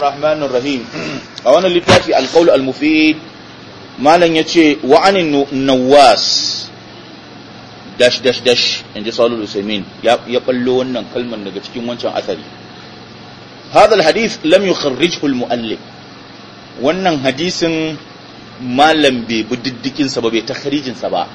الرحمن الرحيم a wani littafi alqaul almufid malan yace wa anin nawas dash dash dash inji salul usaimin ya ya ballo wannan kalman daga cikin wancan asari hadha alhadith lam yukharrijhu almuallif wannan hadisin malam be bi sa ba bai takhrijin sa ba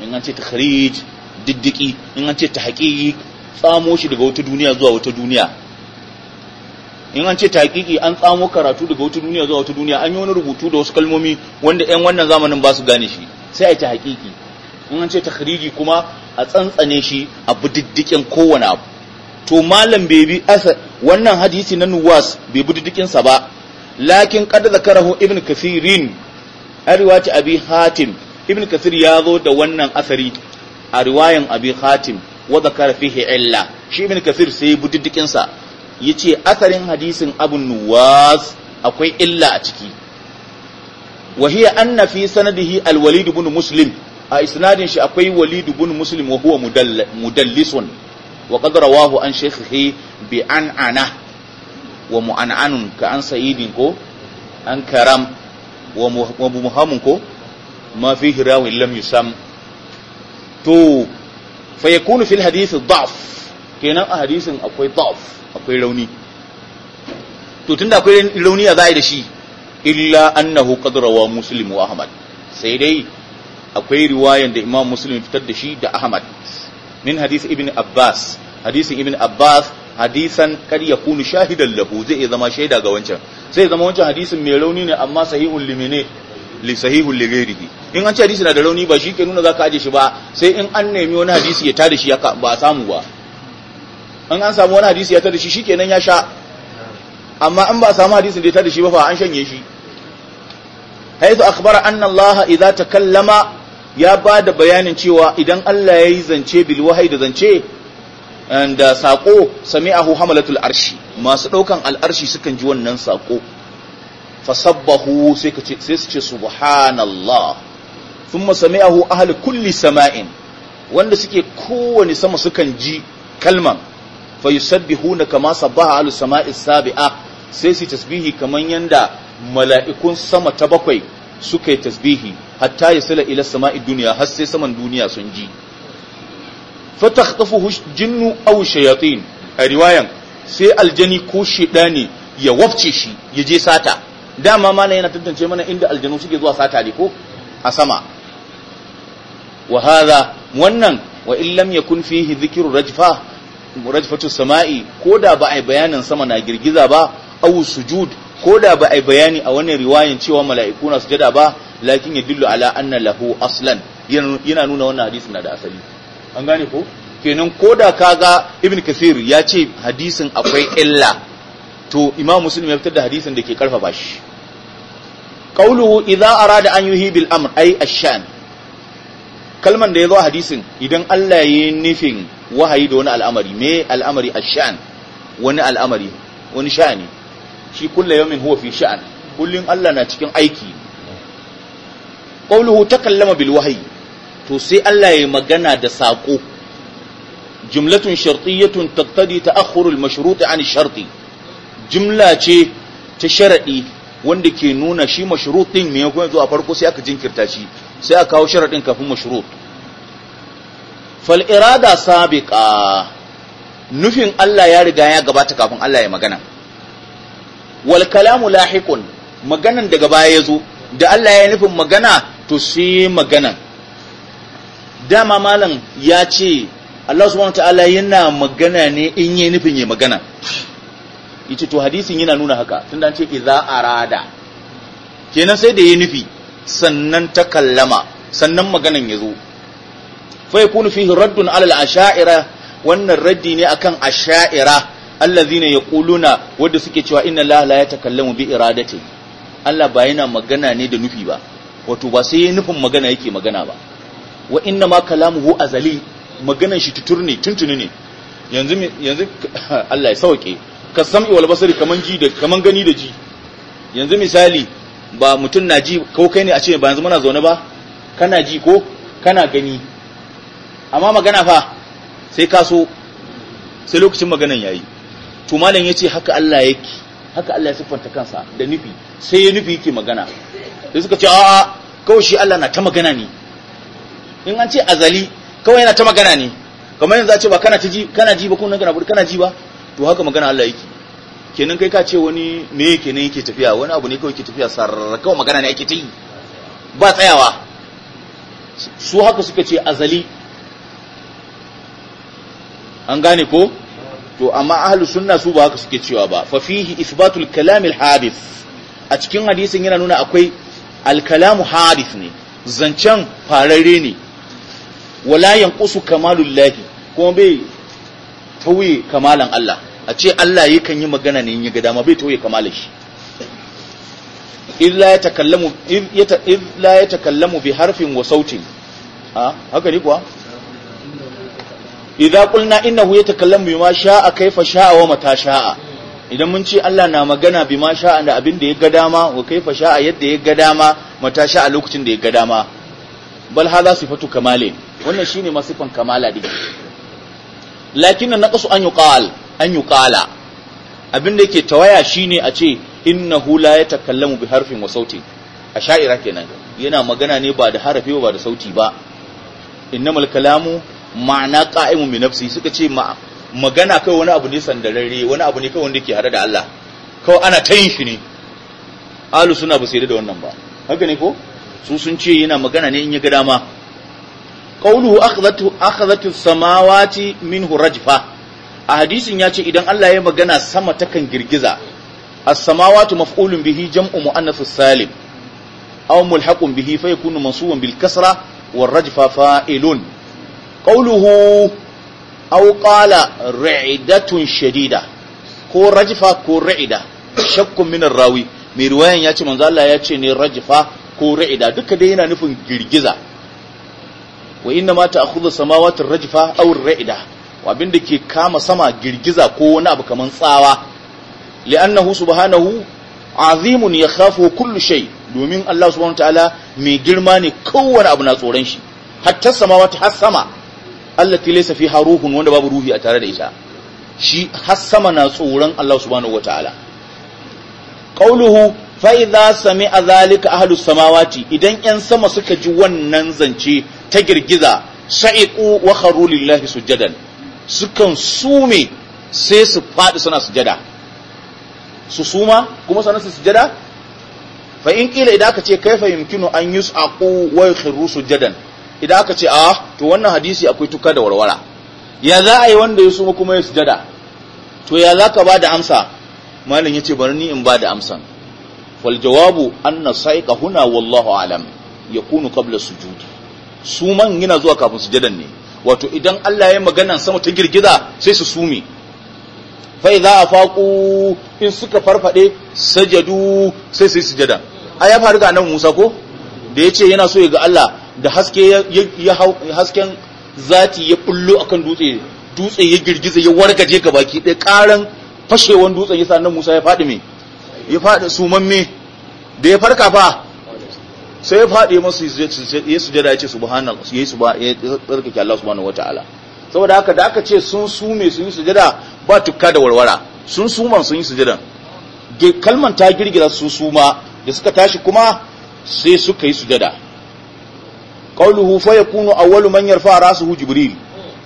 in an ce takhrij diddiki in an ce tahqiq tsamo shi daga wata duniya zuwa wata duniya in an ce taƙiƙi an tsamo karatu daga wata duniya zuwa wata duniya an yi wani rubutu da wasu kalmomi wanda 'yan wannan zamanin ba su gane shi sai a yi ta haƙiƙi in an ce tahriji kuma a tsantsane shi a bididdikin kowane abu to malam bai bi asa wannan hadisi na nuwas bai bididdikin sa ba lakin kada zakarahu ibn kathirin a riwayat abi hatim ibn kathir ya zo da wannan asari a riwayan abi hatim wa zakara fihi illa shi ibn kathir sai bididdikin sa Ya ce asarin hadisin abun nuwas akwai illa a ciki wa hiya anna fi sanadihi al-walid ibn muslim a isnadin shi akwai walid ibn muslim wa huwa mudallisun wa qad rawahu an shaykhihi bi an ana wa mu'ananun ka an sa'idin ko an karam wa muhammun ko ma fi hirawi lam yusam to fa yakunu fil hadith dhaf kenan a hadisin akwai da'af akwai rauni to tunda akwai rauni a zai da shi illa annahu qad rawa muslim wa ahmad sai dai akwai riwayan da imam muslim fitar da shi da ahmad min hadisi ibn abbas hadisin ibn abbas hadisan kar yakunu shahidan lahu zai zama shaida ga wancan sai zama wancan hadisin mai rauni ne amma sahihul limine li sahihul li ghairihi in an ce hadisi na da rauni ba shi ke nuna zaka aje shi ba sai in an nemi wani hadisi ya tada shi ya ba samu ba in an samu wani hadisi ya tada shi shikenan ya sha amma in ba a samu hadisin da ya tada shi ba fa an shanye shi haythu akhbara anna Allah idza takallama ya ba da bayanin cewa idan Allah ya yi zance bil wahyi da zance da uh, sako sami'ahu hamalatul arshi masu daukan al'arshi sukan ji wannan sako fasabbahu sai su ce subhanallah thumma sami'ahu ahli kulli sama'in wanda suke kowane sama sukan ji kalman fa yusabbihuna kama sabbaha alu sama'is sabi'a sai su tasbihi kaman yanda mala'ikun sama ta bakwai suka yi tasbihi hatta yasila ila sama'i duniya har sai saman duniya sun ji fatakhtafuhu jinnu aw shayatin a riwayan sai aljani ko shedani ya wafce shi ya je sata dama mana yana tantance mana inda aljanu suke zuwa sata ne ko a sama wa hadha wannan wa in lam yakun fihi dhikru rajfa rajfatu sama'i ko da ba a yi bayanin sama na girgiza ba awu sujud ko ba a yi bayani a wannan riwayan cewa mala'iku na sujada ba lakin yadullu ala anna lahu aslan yana nuna wannan hadisin na da asali an gane ko kenan ko kaga ibn kasir ya ce hadisin akwai illa to imam muslim ya fitar da hadisin da ke karfafa shi qawluhu idza arada an yuhi bil amr ay ashan kalman da ya zo hadisin idan Allah ya yi nufin wahayi da wani al'amari me al'amari ash-sha'n wani al'amari wani sha'ani shi kullu yawmin huwa fi sha'an kullun Allah na cikin aiki qawluhu takallama bil wahyi to sai Allah ya magana da sako jumlatun shartiyyatun taqtadi ta'akhkhur al mashrut an sharti jumla ce ta sharadi wanda ke nuna shi mashrutin me ya kuma a farko sai aka jinkirta shi sai aka kawo sharadin kafin mashrut fal'irada sabiƙa nufin Allah ya riga ya gabata kafin Allah ya magana wal kalamu lahiqun maganan daga baya ya zo da Allah ya nufin magana to sai magana. dama malam ya ce Allah subhanahu ta'ala yana magana ne in yi nufin ya magana yace to hadisin yana nuna haka tun an ce a arada kenan sai da ya nufi sannan ta kallama sannan maganan ya zo fa yakunu fihi raddun ala al-asha'ira wannan raddi ne akan asha'ira allazina yaquluna wanda suke cewa inna allaha la yatakallamu bi iradati Allah ba yana magana ne da nufi ba wato ba sai nufin magana yake magana ba wa inna ma kalamuhu azali maganan shi tuturne tuntuni ne yanzu yanzu Allah ya sauke ka sam'i wal basari kaman ji da kaman gani da ji yanzu misali ba mutum na ji ko kai ne a ce ba yanzu muna zaune ba kana ji ko kana gani amma magana fa sai ka so sai lokacin maganan yayi to malam yace haka Allah yake haka Allah ya siffanta kansa da nufi sai ya nufi yake magana sai suka ce a'a kawai shi Allah na ta magana ne in an ce azali kawai yana ta magana ne kamar yanzu a ce ba kana ji kana ji ba ko kana bur kana ji ba to haka magana Allah yake kenan kai ka ce wani me yake ne yake tafiya wani abu ne kawai yake tafiya sarra kawai magana ne yake ta yi ba tsayawa su haka suka ce azali an gane ko to amma ahlus sunna su ba haka suke cewa ba fa fihi isbatul kalam al hadith a cikin hadisin yana nuna akwai al kalamu hadith ne zancen fararre ne wala yanqusu kamalullahi kuma bai tauye kamalan Allah a ce Allah yakan yi magana ne in ya ga dama bai tauye kamalan shi illa ya illa yatakallamu bi harfin wa sautin ha ah, haka ne kuwa idza qulna innahu yatakallamu bima sha'a kaifa sha'a wa mata sha'a idan mun ce Allah na magana bima sha'a da abin da ya ga dama wa kaifa sha'a yadda ya ga dama mata sha'a lokacin da ya ga dama bal hadha sifatu kamale wannan shine ma sifan kamala din lakinna naqsu an yuqal an yuqala abin da yake tawaya shine a ce innahu la yatakallamu bi harfin wa sauti. a sha'ira kenan yana magana ne ba da harafi ba da sauti ba innamal kalamu ma'ana qa'imun bi nafsi suka ce magana kai wani abu ne sandararre wani abu ne kai wanda ke hada da Allah kawai ana ta yin shi ne alu suna ba sai da wannan ba haka ne ko su sun ce yana magana ne in ya ga dama qawluhu akhdhatu samawati minhu rajfa a hadisin ya ce idan Allah ya magana sama takan girgiza as-samawati maf'ulun bihi jam'u mu'annathus salim aw mulhaqun bihi fa yakunu mansuban bil kasra war rajfa fa'ilun ƙauluhu auƙala ra'idatun shadida ko rajifa ko ra'ida shakkun minan rawi mai ruwayan ya ce manzo ya ce ne rajifa ko ra'ida duka dai yana nufin girgiza wa inna ma ta'khudhu samawati rajifa aw ra'ida abin da ke kama sama girgiza ko wani abu kaman tsawa li'annahu subhanahu azimun yakhafu kullu shai? domin Allah subhanahu mai girma ne kowane abu na tsoron shi hatta samawati has sama allati laysa fiha ruhun wanda babu ruhi a tare da ita shi har na tsoron Allah subhanahu wataala qauluhu fa idza sami'a zalika ahlus samawati idan yan sama suka ji wannan zance ta girgiza sa'iqu wa kharu lillahi sujadan sukan sume sai su fadi suna sujada su suma kuma sanan su sujada fa in kila idan aka ce kaifa yumkinu an yus'aqu wa yakhiru sujadan idan aka ce a ah, to wannan hadisi akwai tuka da warwara ya za a yi wanda ya suma kuma ya sujada to ya za ka ba da amsa malin ya ce bari ni in ba da amsan wal jawabu anna saiqa huna wallahu alam ya kunu qabla sujudi suman yana zuwa kafin sujadan ne wato idan Allah ya yi magana sama ta girgiza sai su sumi fai za a faƙo in suka farfaɗe sajadu sai sai sujada a ya faru ga nan musa ko da ya ce yana so ya ga Allah da haske ya hasken zati ya bullo akan dutse dutse ya girgiza ya wargaje ga baki ɗaya ƙaran fashewan dutse ya sanar musa ya faɗi me ya faɗi me da ya farka fa sai ya faɗi masu ya sujada ya ce subhanallah ya tsarkake Allah subhanahu wata'ala saboda haka da aka ce sun me sun yi sujada ba tukka da warwara sun suman sun yi sujadan kalman ta girgira su suma da suka tashi kuma sai suka yi sujada qawluhu fa yakunu awwalu man yarfa rasuhu jibril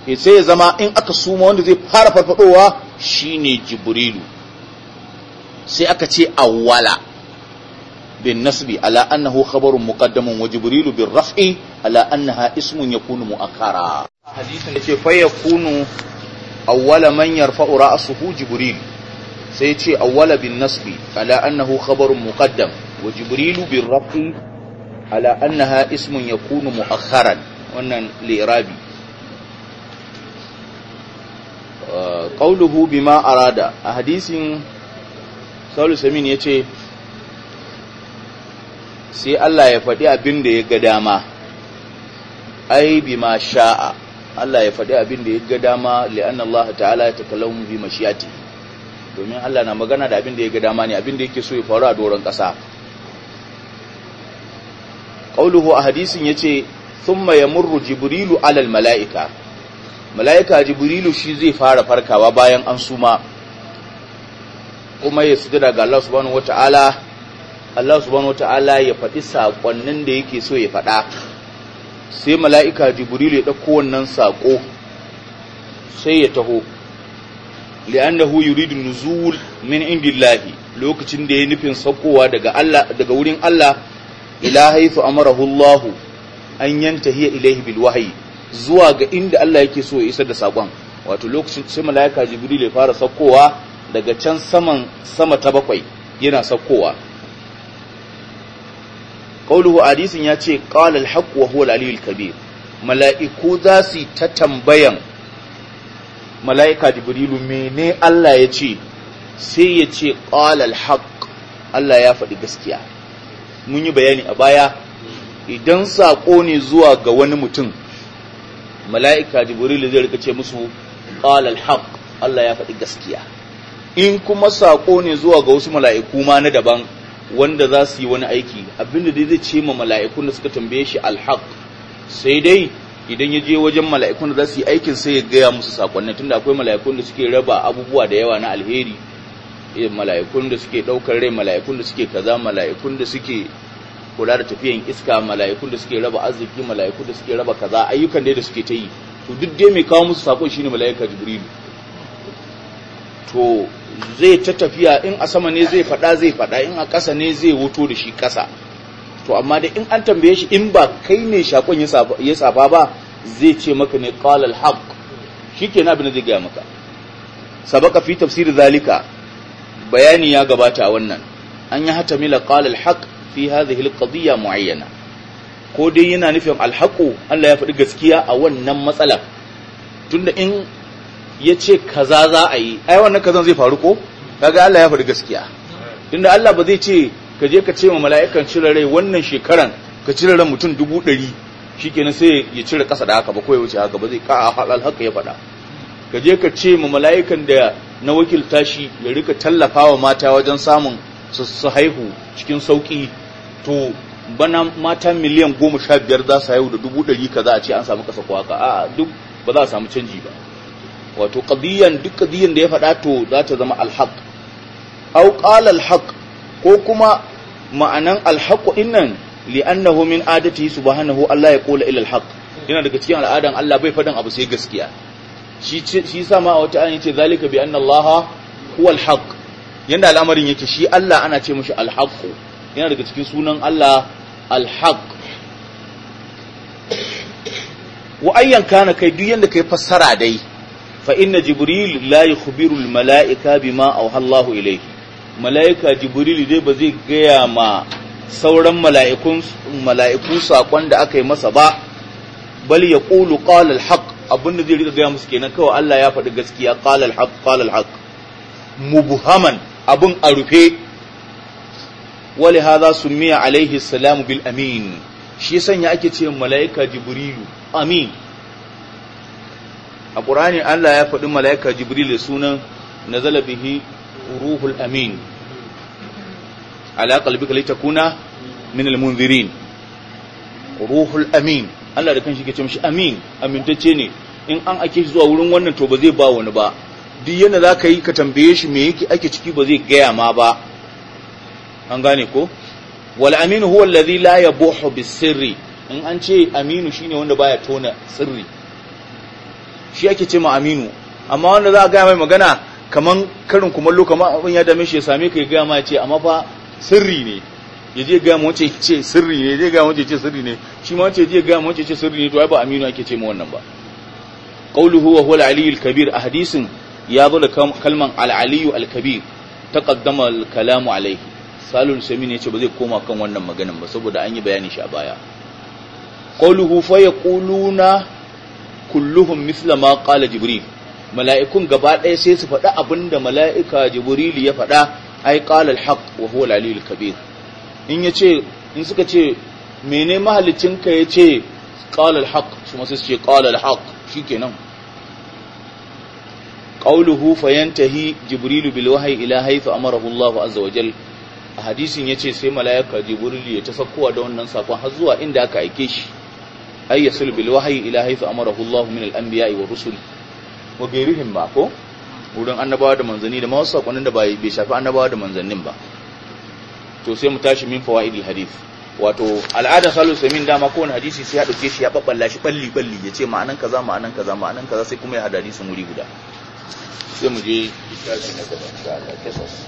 eh, sai ya zama in aka suma wanda zai fara farfadowa shine jibrilu sai aka ce awwala bin nasbi ala annahu khabarun muqaddamun wa jibrilu bir raf'i ala annaha ismun yakunu muakkara hadisin yace fa yakunu awwala man yarfa'u ra'suhu jibril sai ya yace awwala bin nasbi ala annahu khabarun muqaddam wa jibrilu bir raf'i ala annaha ismun yakunu mu'akharan wannan lirabi qauluhu bima arada a hadisin Saul Samin yace sai Allah ya faɗi abin da ya ga dama ai bima sha'a Allah ya faɗi abin da ya ga dama li'anna Allah ta'ala ya takallamu bi mashiyati domin Allah na magana da abin da ya ga dama ne abin da yake so ya faru a doron ƙasa qauluhu a hadisin yace thumma yamurru jibrilu alal mala'ika mala'ika jibrilu shi zai fara farkawa bayan an suma kuma ya da ga Allah subhanahu wataala Allah subhanahu wataala ya faɗi saƙonnin da yake so ya faɗa sai mala'ika jibrilu ya ɗauko wannan saƙo sai ya taho li'annahu yuridu nuzul min indillahi lokacin da ya nufin saukowa daga Allah daga wurin Allah ila haythu amarahu Allah an yantahi ilayhi bil wahyi zuwa ga inda Allah yake so ya isa da sakon wato lokacin sai malaika jibril ya fara sakkowa daga can saman sama ta bakwai yana sakkowa qauluhu hadisin ya ce qala al haqq wa huwa al aliyyul kabir mala'iku za su ta tambayan mala'ika jibrilu mene Allah ya ce sai ya ce ƙalal haƙ Allah ya faɗi gaskiya mun yi bayani a baya idan saƙo ne zuwa ga wani mutum mala'ika jibril zai rika ce musu ƙalal haƙ Allah ya faɗi gaskiya in kuma saƙo ne zuwa ga wasu mala'iku ma na daban wanda za su yi wani aiki abinda dai zai ce ma mala’iku da suka tambaye shi alhaq sai dai idan ya je wajen mala'ikun da za su yi aikin sai ya gaya musu saƙonni tunda akwai mala'ikun da suke raba abubuwa da yawa na alheri Eh, mala'ikun da suke ɗaukar rai mala'ikun da suke kaza mala'ikun da suke kula da tafiyan iska mala'ikun da suke raba arziki mala'ikun da suke raba kaza ayyukan da suke ta yi to duk dai mai kawo musu sako shine mala'ika jibril to zai ta tafiya in a sama ne zai faɗa zai faɗa in a ƙasa ne zai wuto da shi ƙasa to amma da in an tambaye shi in ba kai ne shakon ya safa ba zai ce maka ne qala al-haq shikenan abin da zai gaya maka sabaka fi tafsir zalika bayani ya gabata a wannan an yi hata mila qala alhaq fi hadhihi alqadiyya muayyana ko dai yana nufin alhaƙo Allah ya faɗi gaskiya a wannan matsala tunda in ya ce kaza za a yi ai wannan kazan zai faru ko kaga Allah ya faɗi gaskiya tunda Allah ba zai ce ka je ka ce ma mala'ikan cire rai wannan shekaran ka cire ran mutum dubu ɗari shikenan sai ya cire ƙasa da haka ba ko ya wuce haka ba zai haɗa alhaq ya faɗa ka je ka ce ma mala'ikan da na wakilta shi ya rika tallafa wa mata wajen samun su haihu cikin sauƙi, to bana mata miliyan goma sha biyar za su haihu da dubu ɗari ka za a ce an samu kasa ka. a duk ba za a samu canji ba wato ƙadiyan duk ƙadiyan da ya faɗa to za ta zama alhaq au qala alhaq ko kuma ma'anan alhaq innan li'annahu min adatihi subhanahu Allah ya qula ilal alhaq yana daga cikin al'adan Allah bai faɗin abu sai gaskiya shi sa ma a wata ayin ce zalika bi anna allaha huwa alhaq yanda al'amarin yake shi Allah ana ce mashi alhaq yana daga cikin sunan Allah alhaq wa ayyan kana kai duk yanda kai fassara dai fa inna jibril la yukhbiru al mala'ika bima awha Allahu ilayhi mala'ika jibril dai ba zai gaya ma sauran mala'ikun saƙon da aka yi masa ba bal ya qala al haƙ. abin da zai rika gaya musu kenan kawai Allah ya faɗi gaskiya qala haƙ haq haƙ. al-haq mubhaman abin a rufe wali hadha sumiya alaihi salamu bil amin shi sanya ake ce mala'ika jibrilu amin a ƙur'ani Allah ya faɗi mala'ika jibrilu sunan nazala bihi ruhul amin ala qalbika litakuna min al-munzirin ruhul amin Allah da kanshi ke ce mishi amin amintacce ne in an ake zuwa wurin wannan to ba zai ba wani ba duk yana za ka yi ka tambaye shi me yake ake ciki ba zai gaya ma ba an gane ko wal aminu huwa allazi la yabuhu bis sirri in an ce aminu shine wanda baya tona sirri shi ake ce ma aminu amma wanda za a gaya mai magana kaman karin kumallo kaman abin ya dame shi ya same ka ya gaya ma ya ce amma fa sirri ne ya je ga mu ce sirri ne je ga mu ce sirri ne shi ma wace je ga ce sirri ne to ai ba aminu ake ce mu wannan ba qawluhu wa huwa al al-kabir a hadisin ya zo da kalman al aliyu al-kabir taqaddama al-kalamu alayhi salul sami ne ce ba zai koma kan wannan maganan ba saboda an yi bayani shi a baya qawluhu fa yaquluna kulluhum mithla ma qala jibril mala'ikun gaba ɗaya sai su faɗa abinda mala'ika jibril ya faɗa ai qala al-haq wa huwa al al-kabir in ya ce in suka ce mene mahalicinka ya ce ƙalar haƙ su masu ce ƙalar haƙ shi nan? ƙauluhu fayantahi jibrilu bilwahai ila haifu a Allah a zawajal a hadisin ya ce sai malayaka jibrilu ya ta sakkowa da wannan sakon har zuwa inda aka aike shi ay yasul bilwahai ila haifu amarahu Allah min al'anbiya'i wa rusul wa gairihim ba ko wurin annabawa da manzanni da masu sakonin da bai shafi annabawa da manzannin ba to sai mu tashi min fawaidil hadith wato al'ada salu samin dama kowane hadisi sai ya dauke shi ya babballa shi balli balli ya ce ma'anan kaza ma'anan kaza ma'anan kaza sai kuma ya hada hadisi wuri guda sai mu je tashi na gaba da kasas